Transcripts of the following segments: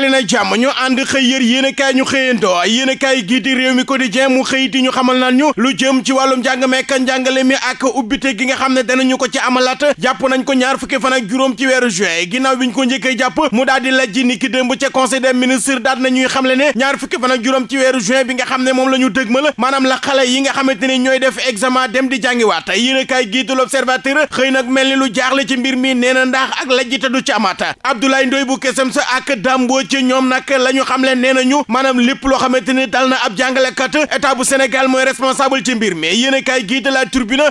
dali na jàmm ñu ànd xëy yër yéen a kaay ñu xëyandoo yéen a kaay gii di réew mi quotidien mu xëy di ñu xamal naan ñu lu jëm ci wàllum njàng mekk njàngale mi ak ubbite gi nga xam ne danañu ko ci ama amalaat jàpp nañ ko ñaar fukki fan juróom ci weeru juin ginnaw bi ñu ko njëkkee jàpp mu daal di lajji ni ki démb ca conseil des ministres daal nañuy xamle ne ñaar fukki fan ak juróom ci weeru juin bi nga xam ne moom la ñu dëgmal maanaam la xale yi nga xamante ni ñooy def examen dem di jàngiwaat yéen a kaay gii di l'observateur xëy nag mel ni lu jaaxle ci mbir mi nee na ndax ak lajjite du ci amaata Abdoulaye Ndoye bu kesam sa ak Dambo ci ñoom nag la ñu xam leen nee nañu maanaam lépp loo xamante ni dal na ab jàngalekat état bu Sénégal mooy responsable ci mbir mi yéen a kaay gii de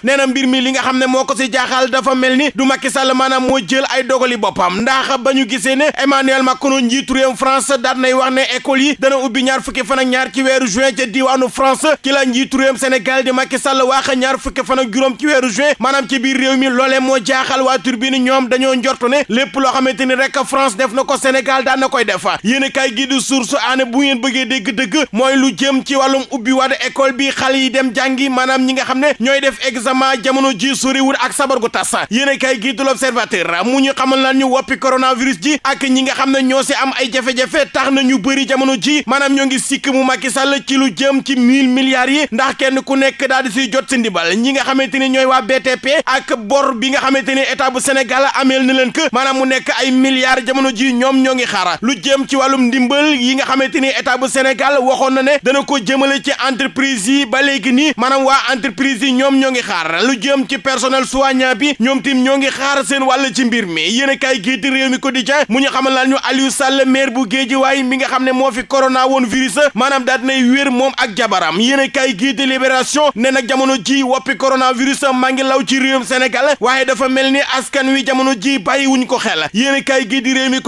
nee na mbir mi li nga xam ne moo ko si jaaxal dafa mel ni du Macky Sall maanaam moo jël ay dogali boppam ndax ba ñu gisee ne Emmanuel Macron njiitu réewum France daan nay wax ne école yi dana ubbi ñaar fukki fan ak ñaar ci weeru juin ca diwaanu France ki la njiitu réewum Sénégal di Macky Sall waax ñaar fukk fan ak juróom ci weeru maanaam ci biir mi loolee moo jaaxal waa Tribune ñoom dañoo njortu ne lépp loo xamante ni rek France def na ko Sénégal daan na koy def fa yéen kaay gi di source aane bu ngeen bëggee dégg dëgg mooy lu jëm ci wàllum ubbi waat école bii xale yi dem jàngi maanaam ñi nga xam ne ñooy def examen jamono ji soriwul ak sabar gu tas yéen kaay gi du l'observateur mu ñu xamal naan ñu woppi coronavirus ji ak ñi nga xam ne ñoo si am ay jafe-jafe tax na ñu bëri jamono jii maanaam ñoo ngi sikk mu Macky Sall ci lu jëm ci mille milliards yi ndax kenn ku nekk daal di siy jot si ndibal ñi nga xamante ni ñooy waa BTP ak bor bi nga xamante ni état bu Sénégal ameel na leen maanaam mu nekk ay milliards jamono ji ñoom ñoo ngi xaara jëm ci wàllum ndimbal yi nga xamante ni état bu Sénégal waxoon na ne dana ko jëmale ci entreprise yi ba léegi nii maanaam waa entreprise yi ñoom ñoo ngi xaar lu jëm ci personnel soignant bi ñoom tim ñoo ngi xaar seen wàll ci mbir mi yéen a kaay gii di réew mi quotidien mu ñu xamal laan ñu Aliou Sall maire bu Guédiawaye mi nga xam ne moo fi corona woon virus maanaam daal nay wéer moom ak jabaram yene a kaay gii di libération ne nag jamono ji woppi coronavirus maa ngi law ci réewum Sénégal waaye dafa mel ni askan wi jamono ji bàyyiwuñ ko xel yéen a kaay gii di réew mi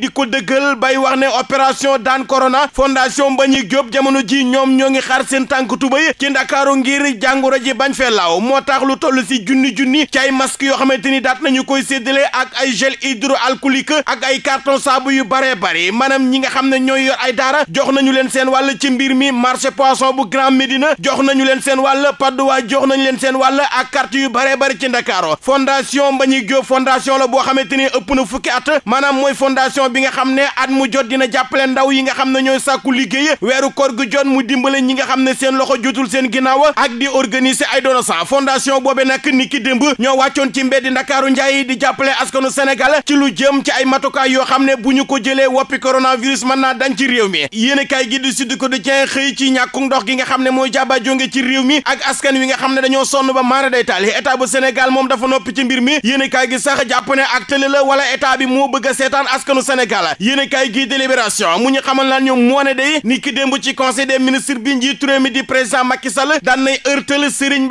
di ko dëggal jël bay wax ne opération daan corona fondation Mbagnick Diop jamono ji ñoom ñoo ngi xaar seen tànk tubay ci ndakaaru ngir jàngoro ji bañ fee laaw moo tax lu toll si junni junni ci ay masque yoo xamante ni daat nañu koy séddale ak ay gel hydroalcoolique ak ay carton saabu yu baree bare maanaam ñi nga xam ne ñooy yor ay daara jox nañu leen seen wàll ci mbir mi marché poisson bu Grand Médina jox nañu leen seen wàll padduwaay jox nañu leen seen wàll ak carte yu baree bari ci ndakaaro fondation Mbagnick Diop fondation la boo xamante ni ëpp na fukki at at mu jot dina jàppale ndaw yi nga xam ne ñooy sàkku liggéey weeru koor gu jot mu dimbale ñi nga xam ne seen loxo jotul seen ginnaaw ak di organiser ay donation fondation boobe nag ni ki démb ñoo wàccoon ci mbeddi ndakaaru njaay di jàppale askanu Sénégal ci lu jëm ci ay matukaay yoo xam ne bu ñu ko jëlee woppi coronavirus mën naa dañ ci réew mi yéen kaay gi di Sud Quotidien xëy ci ñàkku ndox gi nga xam ne mooy jàba jonge ci réew mi ak askan wi nga xam ne dañoo sonn ba maara day taali bu Sénégal moom dafa noppi ci mbir mi yéen gi sax jàpp ne ak tële la wala état bi moo bëgg seetaan askanu Sénégal yéen a kaay gii délibération mu ñu xamal laan ñu moo ne day ni ki démb ci conseil des ministres bi njiitu réew mi di président Macky Sall daan nay heurtal Serigne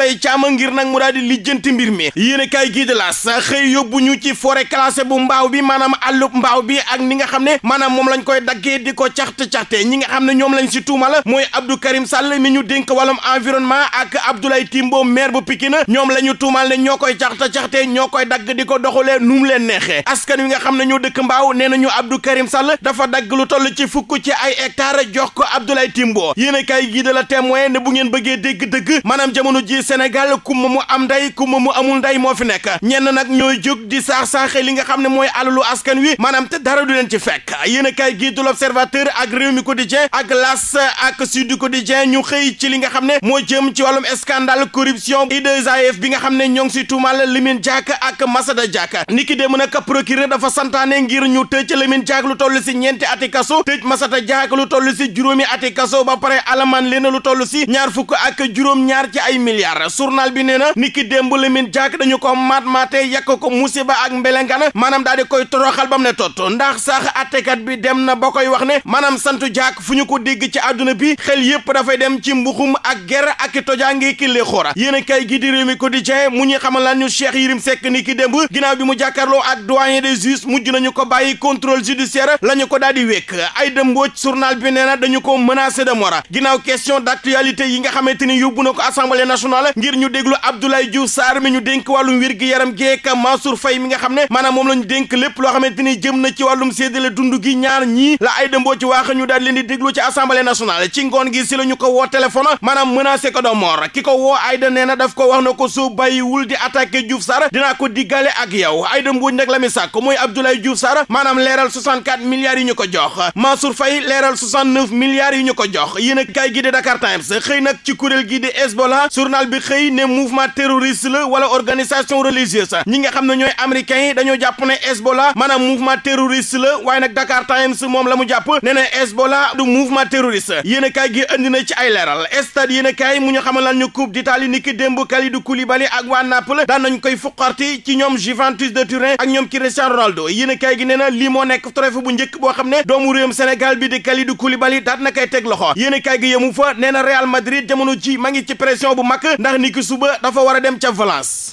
ngir nag mu daal di lijjanti mbir mi yéen a kaay gii de sa xëy yóbbu ñu ci forêt classée bu mbaaw bi maanaam àllub mbaaw bi ak ni nga xam ne maanaam moom lañ koy daggee di ko caxt-caxte ñi nga xam ne ñoom lañ si tuumala mooy Abdou Karim Sall mi ñu dénk wàllum environnement ak Abdoulaye Timbo maire bu Pikine ñoom la ñu tuumal ne ñoo koy caxt-caxte ñoo koy dagg di ko doxalee nu mu leen neexee askan wi nga xam ne ñoo dëkk mbaaw nee nañu Abdou Sall dafa dagg lu toll ci fukk ci ay hectare jox ko Abdoulaye Timbo yéen a kaay gii de la témoin ne bu ngeen bëggee dégg-dëgg maanaam jamono ji Sénégal kumba mu am ndey kumba mu amul ndey moo fi nekk ñenn nag ñooy jóg di saax-saaxe li nga xam ne mooy alalu askan wi maanaam te dara du leen ci fekk yéen a kaay gii du l'Observateur ak Rewmi Quotidien ak L'As ak Sud Quotidien ñu xëy ci li nga xam ne moo jëm ci wàllum scandale corruption IAAF bi nga xam ne ñoo ngi si tuumal Lamine Diack ak Massata Diack niki dem nag dafa santaane ngir ñu tëj Lamine Diack lu toll si ñeenti ati kaso tëj Masata Diakhaté lu toll si juróomi ati kaso ba pare alamaan leen lu toll si ñaar fukk ak juróom-ñaar ci ay milliards journal bi nee na niki démb Lamine Diack dañu ko maat maate yàq ko musiba ak dem na ba koy wax ne maanaam santu Diack fu ñu ko dégg ci àdduna bi xel yépp dafay dem ci mbuxum ak ger ak tojaange ki li xoora yéen kay di réew mi mu ñu xamal laan ñu Cheikh Yérim niki démb ginnaaw bi mu jàkkaarloo ak doyen des juges mujj nañu ko bàyyi contrôle judiciaire lañu ko daal di wékk Aïda Mbodj journal bi nee na dañu ko menacé de mort ginnaaw question d' actualité yi nga xamante ni yóbbu na ko assemblée nationale ngir ñu déglu Abdoulaye Diouf Sarr mi ñu dénk wàllum wér gi yaram geek Mansour Faye mi nga xam ne maanaam moom la ñu dénk lépp loo xamante ni jëm na ci wàllum séddale dund gi ñaar ñii la Aïda Mbodj waax ñu daal leen di déglu ci assemblée nationale ci ngoon gi si la ñu ko woo téléphone maanaam menacé ko de mort ki ko woo Aïda nee na ko wax na ko bàyyiwul di attaqué Diouf dinaa ko diggale ak yow Aïda Mbodj nag la mi sàkk mooy Abdoulaye Diouf Sarr maanaam leeral 64 milliards yi ñu ko jox Mansour Faye leeral 69 yi ñu ko jox yéen a kaay gi di Dakar Times xëy nag ci kuréel gi di Hezbollah journal bi xëy ne mouvement terroriste la wala organisation religieuse ñi nga xam ne ñooy américains yi dañoo jàpp ne Hezbollah maanaam mouvement terroriste la waaye nag Dakar Times moom la mu jàpp nee na Hezbollah du mouvement terroriste yéen a kaay gi andi na ci ay leeral stade yéen mu ñu xamal lan ñu coupe d'Italie niki démb Kalidou Koulibaly ak ci ñoom Juventus de Turin ak njëkk boo xam ne doomu réewum Sénégal bi di Kalidou Koulibaly daat na kay teg loxo yéen kaay gi yemu fa nee na Real Madrid jamono ji ma ngi ci pression bu mag ndax ni ki suba dafa war a dem ca Valence